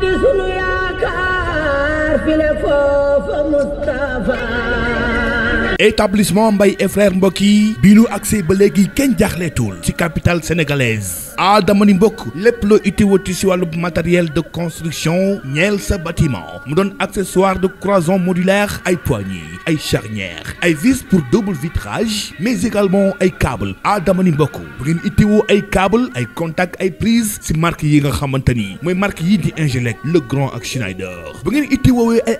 di sunu yaakaar file foofa Mustafa établissement Mbaye et frères mbokk yi bi nu accès ba léegi kenn jaaxleetul ci capitale sénégalaise ah dama ni mbokk lépp loo utiwati si wàllu matériel de construction ñeel sa batiment mu doon accessoire de cloison modulaire ay poignées ay charnières ay vis pour double vitrage mais également ay câble ah dama ni mbokk bu ngeen itiwoo ay câble ay contact ay prise si marque yi nga xamante ni mooy marque yi di Ingelec Legrand ak Schneider bu ngeen itiwoowee ay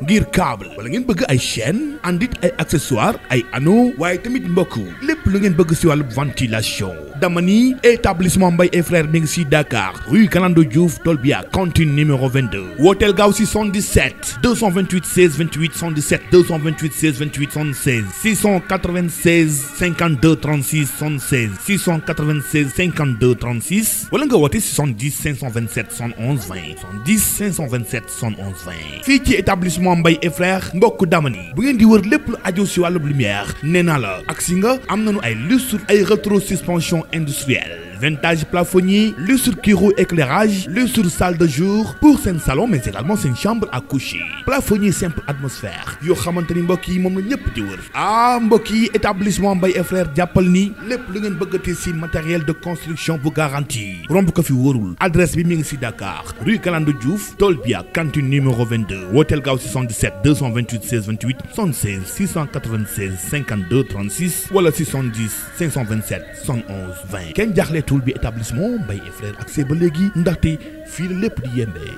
ngir câble wala ngeen bëgg ay chaîne andit ay accessoires ay anneaux waaye tamit mbokk lépp lu ngeen bëgg si wàllu ventilation dama ni établissement Mbaye et frères mi ngi si Dakar rue Galando Diouf Tolbiac cantine numéro 22 wooteel gaaw si 77 228 16 28 77 228 16 28 76 696 52 36 76 696 52 36 wala nga woote 70 527 71 20 70 527 71 20 fii ci établissement mbokk dama bu ngeen di wër lépp aju si wàllub lumière nee naa la ak si nga am nañu ay lustre ay rétro suspension industrielle vintage plafonnier le sur kiro éclairage le sur salle de jour pour seen salon mais également seen chambre à coucher plafonnier simple atmosphère yoo xamante ni mbokk yi moom la ñëpp di wër ah mbokk yi établissement Mbaye et frères jàppal ni lépp lu ngeen bëggati ci matériel de construction bu garantie romb ko fi wóorul adresse bi mi ngi ci Dakar rue Galandou Diouf tool bi ak cantine numéro 22 hôtel gaaw 77 228 16 28 76 696 52 36 wala 610 527 71 20 kenn jaaxleetu yàggatul bi établissement Mbaye et frères ak see ba léegi ndaxte fii la lépp di yembee